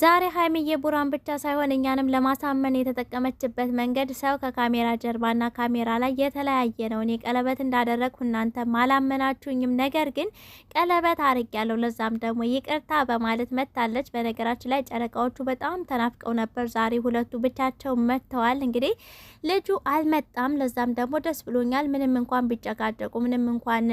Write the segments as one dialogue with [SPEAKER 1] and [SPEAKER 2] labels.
[SPEAKER 1] ዛሬ ሀይሚዬ ቡራን ብቻ ሳይሆን እኛንም ለማሳመን የተጠቀመችበት መንገድ ሰው ከካሜራ ጀርባና ካሜራ ላይ የተለያየ ነው። እኔ ቀለበት እንዳደረግኩ እናንተ ማላመናችሁኝም፣ ነገር ግን ቀለበት አርጊያለሁ፣ ለዛም ደግሞ ይቅርታ በማለት መታለች። በነገራችን ላይ ጨረቃዎቹ በጣም ተናፍቀው ነበር። ዛሬ ሁለቱ ብቻቸው መጥተዋል። እንግዲህ ልጁ አልመጣም፣ ለዛም ደግሞ ደስ ብሎኛል። ምንም እንኳን ቢጨቃጨቁ፣ ምንም እንኳን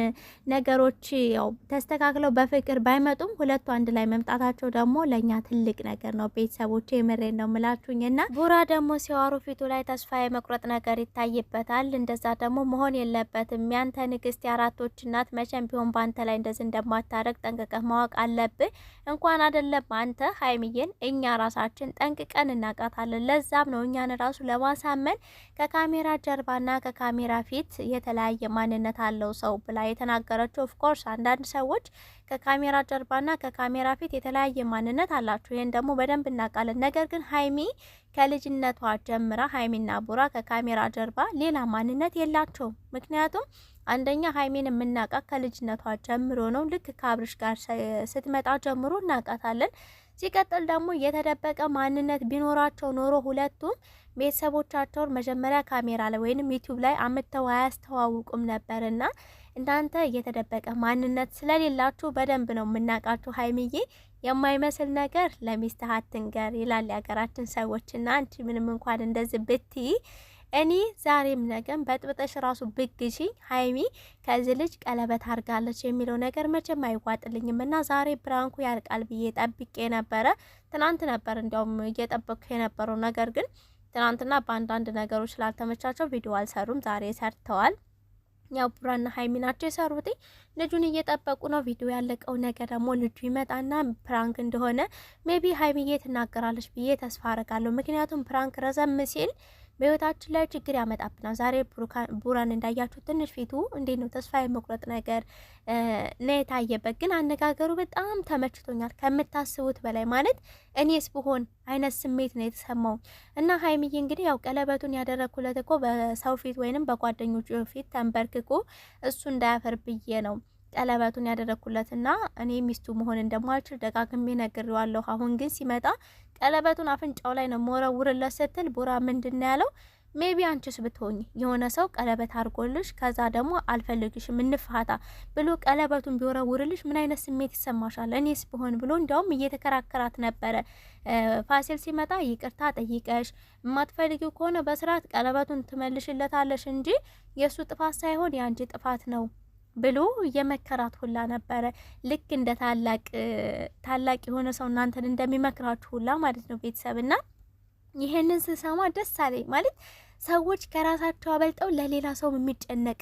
[SPEAKER 1] ነገሮች ያው ተስተካክለው በፍቅር ባይመጡም ሁለቱ አንድ ላይ መምጣታቸው ደግሞ ለእኛ ትልቅ ነገር ነው ቤተሰቦች፣ የምሬን ነው ምላችሁኝ። እና ቡራ ደግሞ ሲዋሩ ፊቱ ላይ ተስፋ የመቁረጥ ነገር ይታይበታል። እንደዛ ደግሞ መሆን የለበትም። ያንተ ንግስት፣ የአራቶች እናት መቼም ቢሆን በአንተ ላይ እንደዚህ እንደማታረግ ጠንቅቀህ ማወቅ አለብህ። እንኳን አደለም አንተ ሀይሚዬን እኛ ራሳችን ጠንቅቀን እናቃታለን። ለዛም ነው እኛን ራሱ ለማሳመን ከካሜራ ጀርባና ከካሜራ ፊት የተለያየ ማንነት አለው ሰው ብላ የተናገረችው። ኦፍኮርስ አንዳንድ ሰዎች ከካሜራ ጀርባና ከካሜራ ፊት የተለያየ ማንነት አላችሁ። ይህን ደግሞ በደንብ እናውቃለን። ነገር ግን ሀይሚ ከልጅነቷ ጀምራ ሀይሚና ቡራ ከካሜራ ጀርባ ሌላ ማንነት የላቸውም። ምክንያቱም አንደኛ ሀይሜን የምናውቃት ከልጅነቷ ጀምሮ ነው። ልክ ከአብርሽ ጋር ስትመጣ ጀምሮ እናውቃታለን። ሲቀጥል ደግሞ የተደበቀ ማንነት ቢኖራቸው ኖሮ ሁለቱም ቤተሰቦቻቸውን መጀመሪያ ካሜራ ላይ ወይም ዩቲዩብ ላይ አምተው አያስተዋውቁም ነበርና እናንተ የተደበቀ ማንነት ስለሌላችሁ በደንብ ነው የምናውቃችሁ ሀይሚዬ የማይመስል ነገር ለሚስትህ አትንገር ይላል የሀገራችን ሰዎች። እና አንቺ ምንም እንኳን እንደዚህ ብትይ እኔ ዛሬም ነገም በጥብጠሽ ራሱ ብግሽኝ ሀይሚ ከዚህ ልጅ ቀለበት አድርጋለች የሚለው ነገር መቼም አይዋጥልኝም እና ዛሬ ብራንኩ ያልቃል ብዬ ጠብቄ ነበረ። ትናንት ነበር እንዲያውም እየጠበቅኩ የነበረው ነገር ግን ትናንትና በአንዳንድ ነገሮች ስላልተመቻቸው ቪዲዮ አልሰሩም። ዛሬ ሰርተዋል። ያው ቡራና ሀይሚ ናቸው የሰሩት። ልጁን እየጠበቁ ነው። ቪዲዮ ያለቀው ነገር ደግሞ ልጁ ይመጣና ፕራንክ እንደሆነ ሜቢ ሀይሚዬ ትናገራለች ብዬ ተስፋ አረጋለሁ። ምክንያቱም ፕራንክ ረዘም ሲል በህይወታችን ላይ ችግር ያመጣብናል። ዛሬ ቡራን እንዳያችሁ ትንሽ ፊቱ እንዴት ነው ተስፋ የመቁረጥ ነገር ነው የታየበት። ግን አነጋገሩ በጣም ተመችቶኛል ከምታስቡት በላይ ማለት እኔስ ብሆን አይነት ስሜት ነው የተሰማው እና ሀይሚዬ እንግዲህ ያው ቀለበቱን ያደረግኩለት እኮ በሰው ፊት ወይንም በጓደኞቹ ፊት ተንበርክኮ እሱ እንዳያፈር ብዬ ነው ቀለበቱን ያደረግኩለትና እኔ ሚስቱ መሆን እንደማልችል ደጋግሜ ነግሬዋለሁ። አሁን ግን ሲመጣ ቀለበቱን አፍንጫው ላይ ነው መወረውርለት ስትል ቡራ ምንድን ያለው? ሜቢ አንቺስ ብትሆኝ የሆነ ሰው ቀለበት አድርጎልሽ ከዛ ደግሞ አልፈልግሽም እንፋታ ብሎ ቀለበቱን ቢወረውርልሽ ምን አይነት ስሜት ይሰማሻል? እኔስ ብሆን ብሎ እንዲያውም እየተከራከራት ነበረ። ፋሲል ሲመጣ ይቅርታ ጠይቀሽ የማትፈልጊው ከሆነ በስርዓት ቀለበቱን ትመልሽለታለሽ እንጂ የእሱ ጥፋት ሳይሆን የአንቺ ጥፋት ነው ብሎ የመከራት ሁላ ነበረ። ልክ እንደ ታላቅ ታላቅ የሆነ ሰው እናንተን እንደሚመክራችሁ ሁላ ማለት ነው ቤተሰብና ይህንን ስሰማ ደስ አለኝ ማለት ሰዎች ከራሳቸው አበልጠው ለሌላ ሰው የሚጨነቅ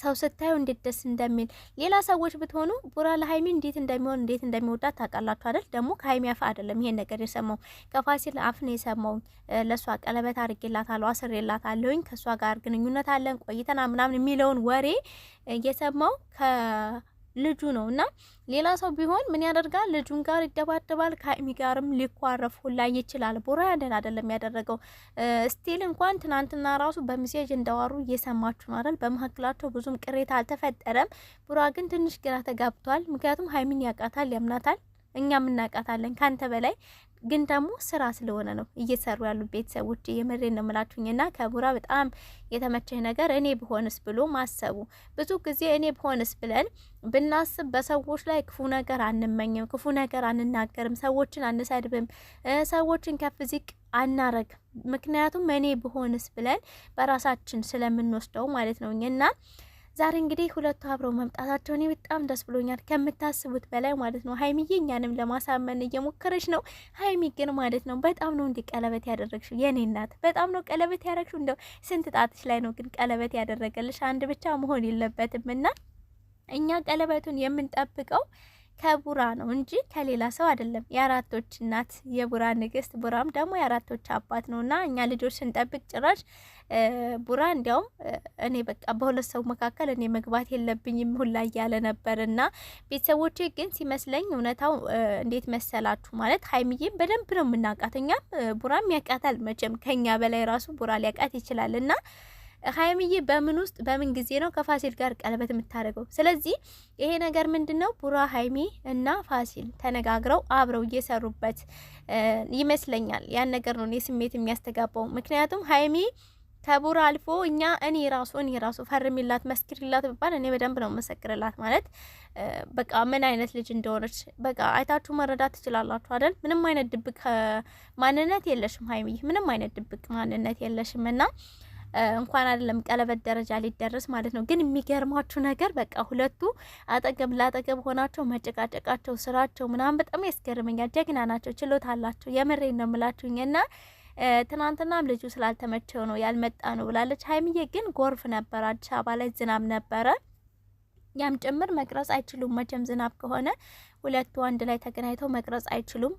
[SPEAKER 1] ሰው ስታዩ እንዴት ደስ እንደሚል ሌላ ሰዎች ብትሆኑ ቡራ ለሀይሚ እንዴት እንደሚሆን እንዴት እንደሚወዳት ታውቃላችሁ አይደል? ደግሞ ከሀይሚ አፍ አይደለም ይሄን ነገር የሰማው ከፋሲል አፍ ነው የሰማው። ለእሷ ቀለበት አድርጌላታለሁ፣ አስሬላታለሁኝ፣ ከእሷ ጋር ግንኙነት አለን ቆይተና ምናምን የሚለውን ወሬ የሰማው ልጁ ነው እና ሌላ ሰው ቢሆን ምን ያደርጋል? ልጁን ጋር ይደባደባል፣ ከሀይሚ ጋርም ሊኳረፍ ሁላ ይችላል። ቦራ ያንን አይደለም ያደረገው። ስቲል እንኳን ትናንትና ራሱ በሚሴጅ እንደዋሩ እየሰማችሁ ነው አይደል? በመካከላቸው ብዙም ቅሬታ አልተፈጠረም። ቡራ ግን ትንሽ ግራ ተጋብቷል። ምክንያቱም ሀይሚን ያውቃታል፣ ያምናታል እኛ ምናቃታለን ከአንተ በላይ ግን ደግሞ ስራ ስለሆነ ነው እየሰሩ ያሉ ቤተሰቦች የምሬ ነው ና ከቡራ በጣም የተመቸህ ነገር እኔ ብሆንስ ብሎ ማሰቡ። ብዙ ጊዜ እኔ ብሆንስ ብለን ብናስብ በሰዎች ላይ ክፉ ነገር አንመኝም፣ ክፉ ነገር አንናገርም፣ ሰዎችን አንሰድብም፣ ሰዎችን ከፍ ዝቅ አናረግ። ምክንያቱም እኔ ብሆንስ ብለን በራሳችን ስለምንወስደው ማለት ነው እና ዛሬ እንግዲህ ሁለቱ አብረው መምጣታቸው እኔ በጣም ደስ ብሎኛል፣ ከምታስቡት በላይ ማለት ነው። ሀይሚዬ እኛንም ለማሳመን እየሞከረች ነው። ሀይሚ ግን ማለት ነው በጣም ነው እንዲህ ቀለበት ያደረግሽው የኔ እናት፣ በጣም ነው ቀለበት ያደረግሽው። እንደው ስንት ጣትሽ ላይ ነው ግን ቀለበት ያደረገልሽ? አንድ ብቻ መሆን የለበትም እና እኛ ቀለበቱን የምንጠብቀው ከቡራ ነው እንጂ ከሌላ ሰው አይደለም። የአራቶች እናት የቡራ ንግስት፣ ቡራም ደግሞ የአራቶች አባት ነው እና እኛ ልጆች ስንጠብቅ ጭራሽ ቡራ እንዲያውም እኔ በቃ በሁለት ሰው መካከል እኔ መግባት የለብኝም ሁላ እያለ ነበር እና ቤተሰቦች ግን ሲመስለኝ እውነታው እንዴት መሰላችሁ ማለት ሀይሚዬም በደንብ ነው የምናውቃት እኛም ቡራም ያውቃታል መቼም ከኛ በላይ ራሱ ቡራ ሊያውቃት ይችላል እና ሀይምዬ በምን ውስጥ በምን ጊዜ ነው ከፋሲል ጋር ቀለበት የምታደርገው? ስለዚህ ይሄ ነገር ምንድን ነው? ቡራ ሀይሚ እና ፋሲል ተነጋግረው አብረው እየሰሩበት ይመስለኛል። ያን ነገር ነው እኔ ስሜት የሚያስተጋባው። ምክንያቱም ሀይሚ ከቡራ አልፎ እኛ እኔ ራሱ እኔ ራሱ ፈርሚላት ላት ብባል እኔ በደንብ ነው መሰክርላት። ማለት በቃ ምን አይነት ልጅ እንደሆነች በቃ አይታችሁ መረዳት ትችላላችሁ አይደል? ምንም አይነት ድብቅ ማንነት የለሽም ሀይሚ፣ ምንም አይነት ድብቅ ማንነት የለሽም እና እንኳን አይደለም ቀለበት ደረጃ ሊደረስ ማለት ነው። ግን የሚገርማችሁ ነገር በቃ ሁለቱ አጠገብ ላጠገብ ሆናቸው መጨቃጨቃቸው፣ ስራቸው ምናምን በጣም ያስገርመኛል። ጀግና ናቸው፣ ችሎታ አላቸው። የምሬ ነው የምላችሁኝ እና ትናንትናም ልጁ ስላልተመቸው ነው ያልመጣ ነው ብላለች ሀይምዬ። ግን ጎርፍ ነበር አዲስ አበባ ላይ ዝናብ ነበረ ያም ጭምር መቅረጽ አይችሉም መቼም ዝናብ ከሆነ ሁለቱ አንድ ላይ ተገናኝተው መቅረጽ አይችሉም።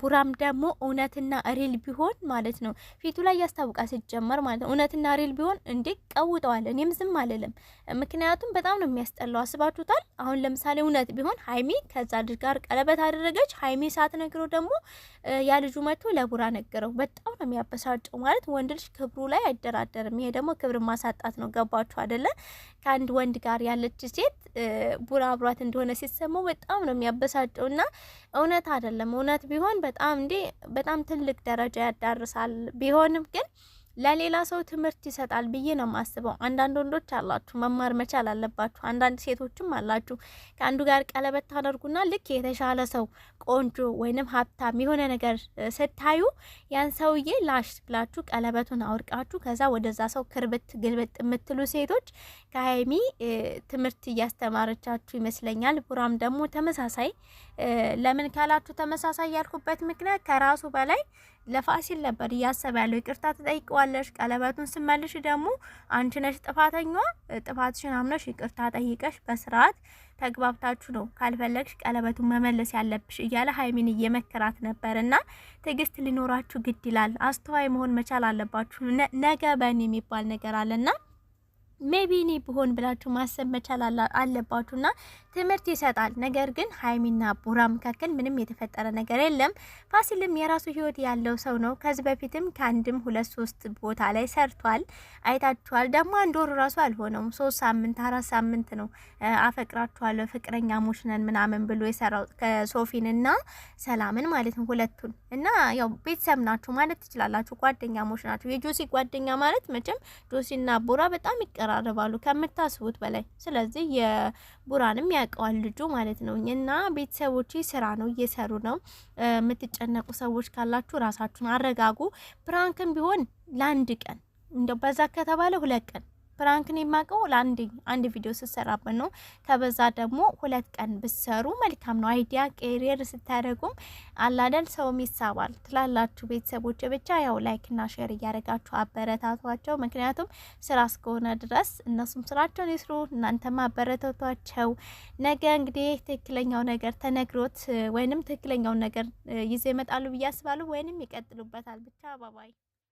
[SPEAKER 1] ቡራም ደግሞ እውነትና ሪል ቢሆን ማለት ነው ፊቱ ላይ ያስታውቃል። ሲጀመር ማለት ነው እውነትና ሪል ቢሆን እንዴ ቀውጠዋል። እኔም ዝም አልልም፣ ምክንያቱም በጣም ነው የሚያስጠላው። አስባችሁታል? አሁን ለምሳሌ እውነት ቢሆን ሀይሚ ከዛ ልጅ ጋር ቀለበት አደረገች። ሀይሚ ነግሮ ደግሞ ያ ልጁ መጥቶ ለቡራ ነገረው። በጣም ነው የሚያበሳጨው። ማለት ወንድ ልጅ ክብሩ ላይ አይደራደርም። ይሄ ደግሞ ክብር ማሳጣት ነው። ገባችሁ አደለ? ከአንድ ወንድ ጋር ያለች ሴት ቡራ አብሯት እንደሆነ ሲሰማው በጣም ነው የሚያበሳጨውና እውነት አይደለም። እውነት ቢሆን በጣም እንዴ በጣም ትልቅ ደረጃ ያዳርሳል። ቢሆንም ግን ለሌላ ሰው ትምህርት ይሰጣል ብዬ ነው የማስበው። አንዳንድ ወንዶች አላችሁ መማር መቻል አለባችሁ። አንዳንድ ሴቶችም አላችሁ ከአንዱ ጋር ቀለበት ታደርጉና ልክ የተሻለ ሰው ቆንጆ ወይንም ሀብታም የሆነ ነገር ስታዩ ያን ሰውዬ ላሽ ብላችሁ ቀለበቱን አውርቃችሁ ከዛ ወደዛ ሰው ክርብት ግልብጥ የምትሉ ሴቶች ከሀይሚ ትምህርት እያስተማረቻችሁ ይመስለኛል። ቡራም ደግሞ ተመሳሳይ ለምን ካላችሁ ተመሳሳይ ያልኩበት ምክንያት ከራሱ በላይ ለፋሲል ነበር እያሰበ ያለው። ይቅርታ ትጠይቀዋለሽ፣ ቀለበቱን ስመልሽ ደግሞ አንቺ ነሽ ጥፋተኛ። ጥፋትሽን አምነሽ ይቅርታ ጠይቀሽ በስርዓት ተግባብታችሁ ነው ካልፈለግሽ ቀለበቱን መመለስ ያለብሽ እያለ ሀይሚን እየመከራት ነበር። እና ትዕግስት ሊኖራችሁ ግድ ይላል። አስተዋይ መሆን መቻል አለባችሁ። ነገ በን የሚባል ነገር አለና ሜቢ እኔ ብሆን ብላችሁ ማሰብ መቻል አለባችሁና ትምህርት ይሰጣል። ነገር ግን ሀይሚና ቡራ መካከል ምንም የተፈጠረ ነገር የለም። ፋሲልም የራሱ ህይወት ያለው ሰው ነው። ከዚህ በፊትም ከአንድም ሁለት ሶስት ቦታ ላይ ሰርቷል፣ አይታችኋል። ደግሞ አንድ ወር ራሱ አልሆነውም። ሶስት ሳምንት አራት ሳምንት ነው አፈቅራችኋለሁ፣ ፍቅረኛ ሞሽነን ምናምን ብሎ የሰራው ከሶፊንና ሰላምን ማለት ነው ሁለቱን እና ያው ቤተሰብ ናችሁ ማለት ትችላላችሁ። ጓደኛ ሞሽ ናችሁ። የጆሲ ጓደኛ ማለት መቼም ጆሲና ቡራ በጣም ይቀ ይቀራረባሉ ከምታስቡት በላይ። ስለዚህ የቡራንም ያውቀዋል ልጁ ማለት ነው። እና ቤተሰቦች ስራ ነው እየሰሩ ነው። የምትጨነቁ ሰዎች ካላችሁ ራሳችሁን አረጋጉ። ፕራንክም ቢሆን ለአንድ ቀን እንደው በዛ ከተባለ ሁለት ቀን ፕራንክን የማውቀው ለአንድ አንድ ቪዲዮ ስትሰራበት ነው። ከበዛ ደግሞ ሁለት ቀን ብትሰሩ መልካም ነው። አይዲያ ቄሪየር ስታደርጉም አላደል ሰውም ይሳባል ትላላችሁ። ቤተሰቦች ብቻ ያው ላይክ ላይክና ሼር እያደረጋችሁ አበረታቷቸው። ምክንያቱም ስራ እስከሆነ ድረስ እነሱም ስራቸውን ይስሩ፣ እናንተም አበረታቷቸው። ነገ እንግዲህ ትክክለኛው ነገር ተነግሮት ወይንም ትክክለኛውን ነገር ይዘው ይመጣሉ ብዬ አስባለሁ፣ ወይንም ይቀጥሉበታል። ብቻ ባባይ